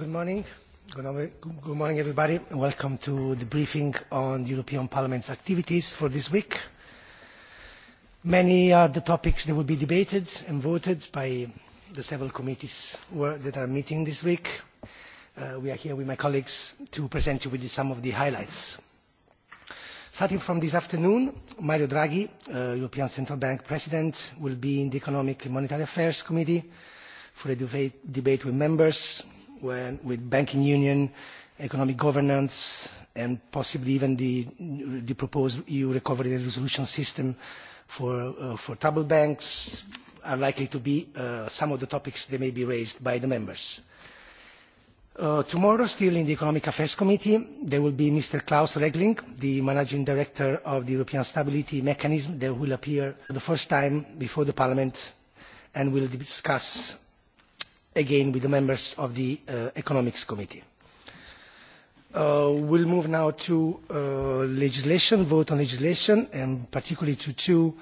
Good morning. Good morning, everybody. Welcome to the briefing on the European Parliament's activities for this week. Many are the topics that will be debated and voted by the several committees that are meeting this week. Uh, we are here with my colleagues to present you with some of the highlights. Starting from this afternoon, Mario Draghi, uh, European Central Bank President, will be in the Economic and Monetary Affairs Committee for a debate with members with banking union, economic governance and possibly even the, the proposed EU recovery and resolution system uh, for, troubled banks are likely to be uh, some of the topics that may be raised by the members. Uh, tomorrow, still in the Economic Affairs Committee, there will be Mr. Klaus Regling, the Managing Director of the European Stability Mechanism, who will appear for the first time before Parliament and will discuss again with the members of the uh, economics committee. Uh, we will move now to uh, legislation vote on legislation and particularly to two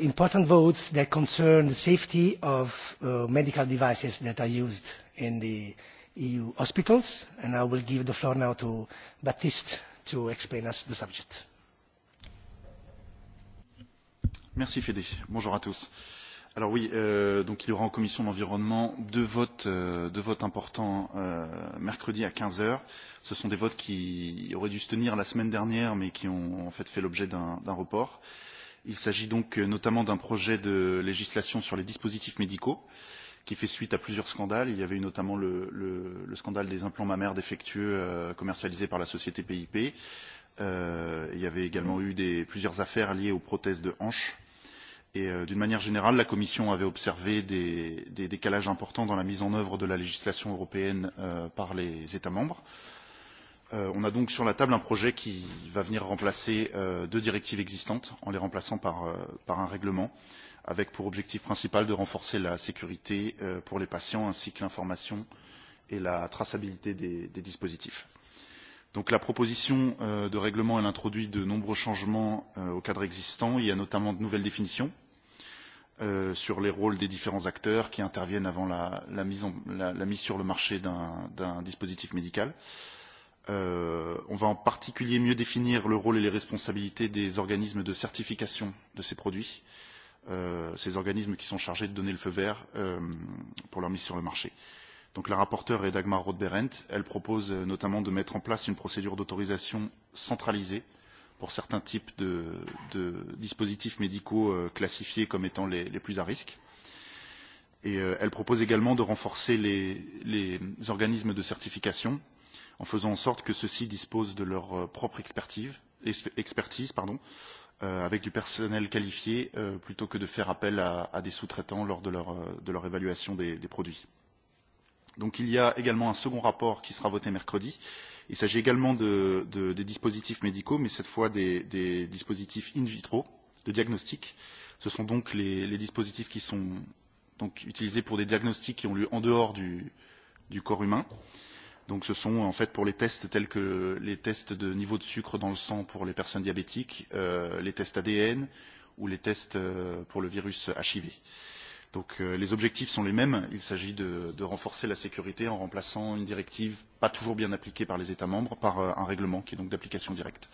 important votes that concern the safety of medical devices that are used in the eu hospitals and i will give the floor now to baptiste to explain us the subject. Alors oui, euh, donc il y aura en commission de l'environnement deux votes, euh, votes importants euh, mercredi à 15 heures. Ce sont des votes qui auraient dû se tenir la semaine dernière, mais qui ont en fait fait l'objet d'un report. Il s'agit donc notamment d'un projet de législation sur les dispositifs médicaux, qui fait suite à plusieurs scandales. Il y avait eu notamment le, le, scandale des implants mammaires défectueux commercialisés par la société PIP. il y avait également eu des, plusieurs affaires liées aux prothèses de hanches et euh, d'une manière générale la commission avait observé des, des décalages importants dans la mise en œuvre de la législation européenne euh, par les états membres. Euh, on a donc sur la table un projet qui va venir remplacer deux directives existantes en les remplaçant par, par un règlement avec pour objectif principal de renforcer la sécurité pour les patients ainsi que l'information et la traçabilité des, des dispositifs. Donc la proposition de règlement introduit de nombreux changements au cadre existant il y a notamment de nouvelles définitions Euh, sur les rôles des différents acteurs qui interviennent avant la, la, mise, en, la, la mise sur le marché d'un dispositif médical. Euh, on va en particulier mieux définir le rôle et les responsabilités des organismes de certification de ces produits, euh, ces organismes qui sont chargés de donner le feu vert euh, pour leur mise sur le marché. Donc la rapporteure est Dagmar Roth-Berendt. Elle propose euh, notamment de mettre en place une procédure d'autorisation centralisée pour certains types de, de dispositifs médicaux euh, classifiés comme étant les, les plus à risque. Et euh, elle propose également de renforcer les, les organismes de certification en faisant en sorte que ceux-ci disposent de leur euh, propre expertise, expertise pardon, euh, avec du personnel qualifié euh, plutôt que de faire appel à, à des sous-traitants lors de leur, de leur évaluation des, des produits. Donc il y a également un second rapport qui sera voté mercredi il s'agit également de, de des dispositifs médicaux mais cette fois des, des dispositifs in vitro de diagnostic ce sont donc les, les dispositifs qui sont donc utilisés pour des diagnostics qui ont lieu en dehors du, du corps humain donc ce sont en fait pour les tests tels que les tests de niveau de sucre dans le sang pour les personnes diabétiques euh, les tests ADN ou les tests euh, pour le virus HIV Donc euh, les objectifs sont les mêmes. Il s'agit de, de renforcer la sécurité en remplaçant une directive pas toujours bien appliquée par les États membres par euh, un règlement qui est donc d'application directe.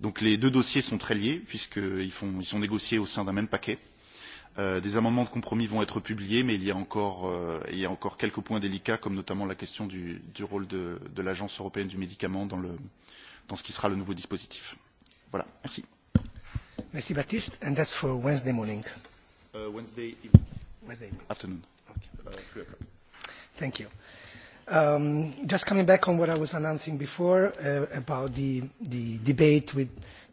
Donc les deux dossiers sont très liés puisqu'ils ils sont négociés au sein d'un même paquet. Euh, des amendements de compromis vont être publiés, mais il y a encore, euh, il y a encore quelques points délicats, comme notamment la question du, du rôle de, de l'Agence européenne du médicament dans, le, dans ce qui sera le nouveau dispositif. Voilà, merci. Merci Baptiste, and that's for Wednesday morning. Uh, Wednesday, evening. afternoon. Uh, Thank you. Um, just coming back on what I was announcing before uh, about the, the debate with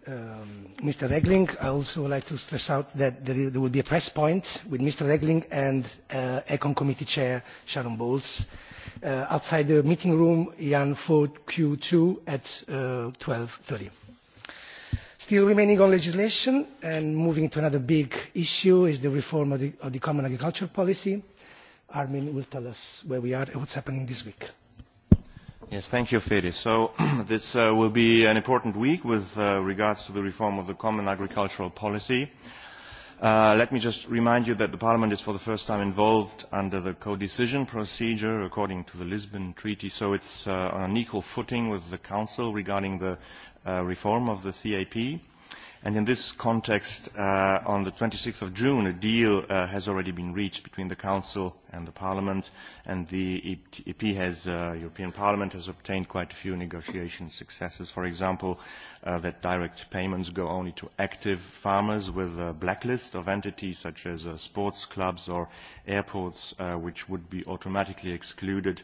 Mr. Um, Regling, I also would like to stress out that there, will be a press point with Mr. Regling and Econ Committee Chair Sharon Bowles outside the meeting room, Jan 4Q2 at uh, thirty still remaining on legislation and moving to another big issue is the reform of the, common agricultural policy. armin will tell us where we are and what's happening this week. Yes, thank you, Fede. So this uh, will be an important week with uh, regards to the reform of the common agricultural policy. Uh, let me just remind you that the Parliament is for the first time involved under the co-decision procedure according to the Lisbon Treaty, so it's uh, on an equal footing with the Council regarding the Uh, reform of the cap and in this context uh, on the 26th of june a deal uh, has already been reached between the council and the parliament and the ep has european parliament has obtained quite a few negotiation successes for example that direct payments go only to active farmers with a blacklist of entities such as sports clubs or airports which would be automatically excluded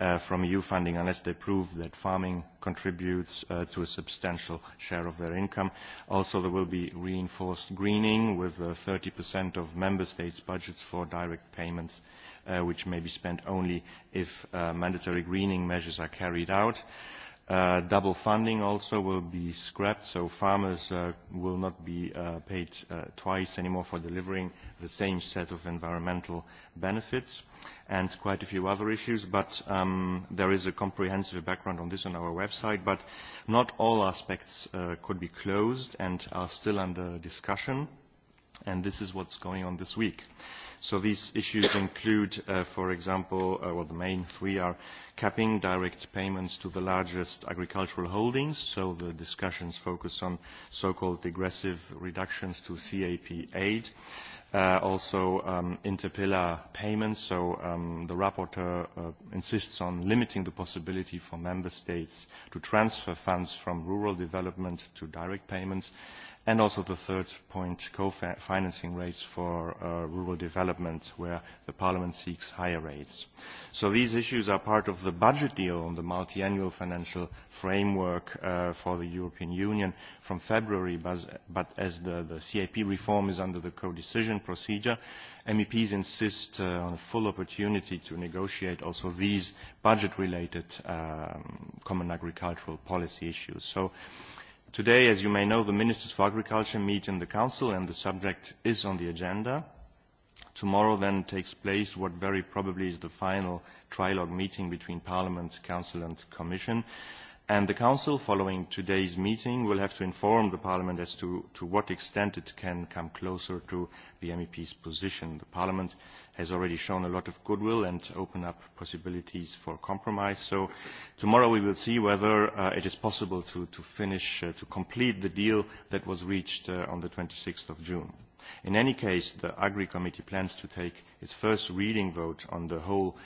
Uh, from EU funding unless they prove that farming contributes uh, to a substantial share of their income. Also, there will be reinforced greening with uh, 30% of member states' budgets for direct payments, uh, which may be spent only if mandatory greening measures are carried out. Uh, double funding also will be scrapped, so farmers uh, will not be uh, paid uh, twice anymore for delivering the same set of environmental benefits, and quite a few other issues. But um, there is a comprehensive background on this on our website. But not all aspects could be closed and are still under discussion, and this is what's going on this week. So these issues include, uh, for example, uh, well, the main three are capping direct payments to the largest agricultural holdings. So the discussions focus on so-called digressive reductions to CAP aid. Uh, also um, interpillar payments, so um, the rapporteur uh, insists on limiting the possibility for member states to transfer funds from rural development to direct payments and also the third point co-financing rates for uh, rural development where the parliament seeks higher rates so these issues are part of the budget deal on the multiannual financial framework uh, for the european union from february but as the, the cap reform is under the codecision procedure meps insist uh, on a full opportunity to negotiate also these budget related um, common agricultural policy issues so today as you may know the ministers for agriculture meet in the council and the subject is on the agenda tomorrow then takes place what very probably is the final trilogue meeting between parliament council and commission and the council following today's meeting will have to inform the parliament as to what extent it can come closer to the mep's position parliament has already shown a lot of goodwill and opened up possibilities for compromise so tomorrow we will see whether uh, it is possible to finish uh, to complete the deal that was reached uh, on the 26th of june in any case the agri committee plans to take its first reading vote on the whole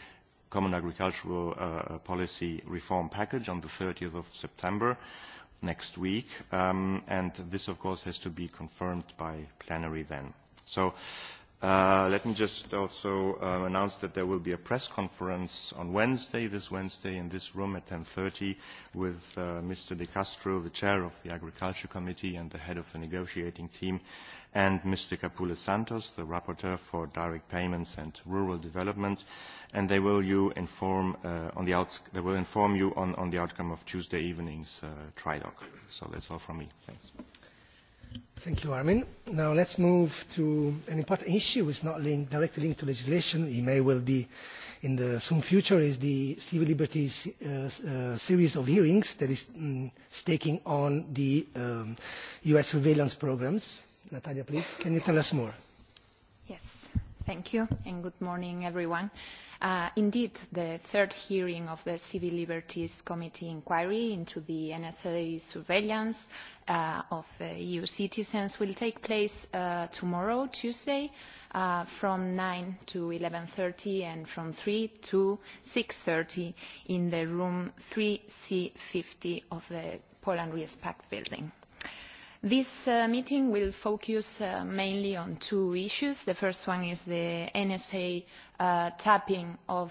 common agricultural uh, uh, policy reform package on the 30th of September next week um, and this of course has to be confirmed by plenary then so Uh, let me just also um, announce that there will be a press conference on Wednesday, this Wednesday, in this room at 10.30 with uh, Mr. De Castro, the chair of the Agriculture Committee and the head of the negotiating team, and Mr. Capule Santos, the rapporteur for direct payments and rural development, and they will, you inform, uh, on the out they will inform you on, on the outcome of Tuesday evening's uh, trilogue. So that's all from me. Thanks. Thank you, Armin. Now let's move to an important issue which is not linked, directly linked to legislation. It may well be in the soon future is the civil liberties uh, uh, series of hearings that is um, staking on the um, US surveillance programs. Natalia, please, can you tell us more? Yes, thank you, and good morning, everyone. Uh, indeed, the third hearing of the Civil Liberties Committee inquiry into the NSA surveillance uh, of uh, EU citizens will take place tomorrow, Tuesday, from 9 to thirty and from 3 to 6.30 in room 3C50 of the Poland Respect building. This uh, meeting will focus uh, mainly on two issues. The first one is the NSA uh, tapping of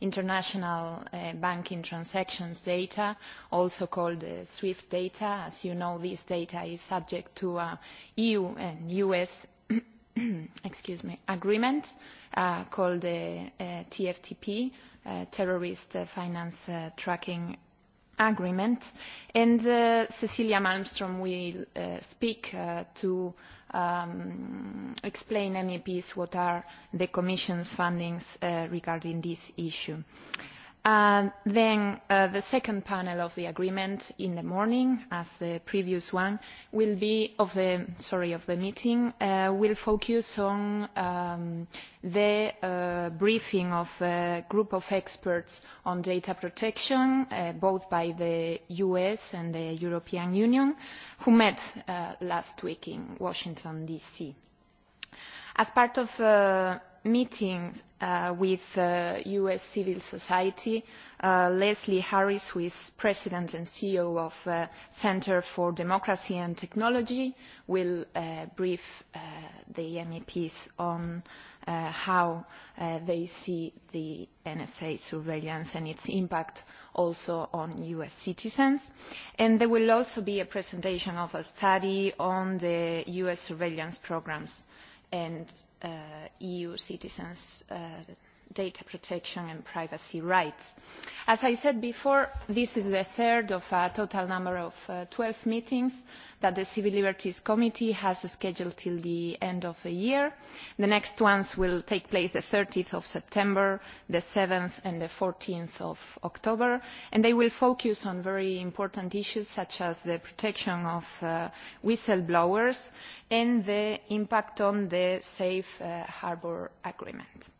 international banking transactions data, also called SWIFT data. As you know, this data is subject to an EU and US excuse me, agreement called the TFTP, Terrorist Finance Tracking agreement and uh, cecilia malmstrm will uh, speak uh, to um, explain meps what are the commission's findings uh, regarding this issue. Uh, then uh, the second panel of the agreement in the morning as the previous one will be of the sorry of the meeting uh, will focus on um, the briefing of a group of experts on data protection both by the us and the european union who met last week in washington dc as part of meeting uh, with us uh, civil society uh, leslie harris who is president and ceo of the centre for democracy and technology will brief the meps on how they see the nsa surveillance and its impact also on us citizens and there will also be a presentation of a study on the us surveillance programmes and uh, EU citizens uh, data protection and privacy rights. As I said before, this is the third of a total number of uh, twelve 12 meetings that the Civil Liberties Committee has scheduled till the end of the year. The next ones will take place the 30 of September, the 7 and the 14th of October, and they will focus on very important issues such as the protection of whistle uh, whistleblowers and the impact on the Safe uh, Harbour Agreement.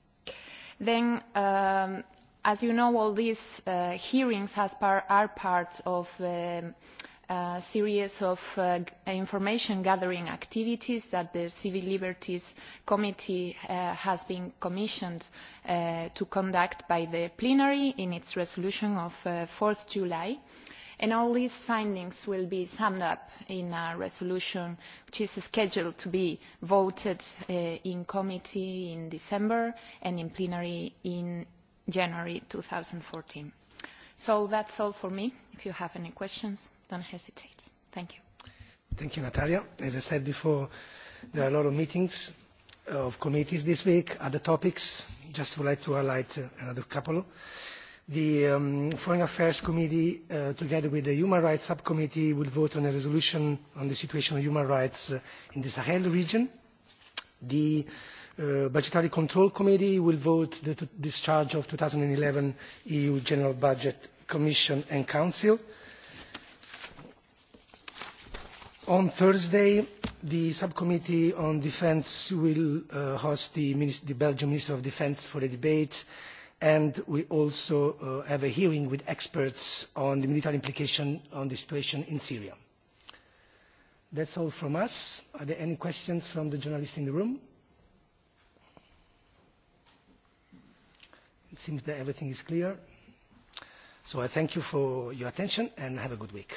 Then um, as you know, all these uh, hearings are part of um, a series of uh, information gathering activities that the Civil Liberties Committee uh, has been commissioned to conduct by the plenary in its resolution of 4th July and all these findings will be summed up in a resolution which is scheduled to be voted uh, in committee in december and in plenary in january. two thousand and fourteen so that is all for me. if you have any questions do not hesitate. thank you. thank you natalia. as i said before there are a lot of meetings uh, of committees this week other topics. i would just would like to highlight uh, another couple the um, foreign affairs committee uh, together with the human rights subcommittee will vote on a resolution on the situation of human rights uh, in the sahel region the uh, budgetary control committee will vote the discharge of 2011 eu e general budget commission and council on thursday the subcommittee on defence will host the, the belgian minister of defence for a debate and we also uh, have a hearing with experts on the military implication on the situation in syria. that's all from us. are there any questions from the journalists in the room? it seems that everything is clear. so i thank you for your attention and have a good week.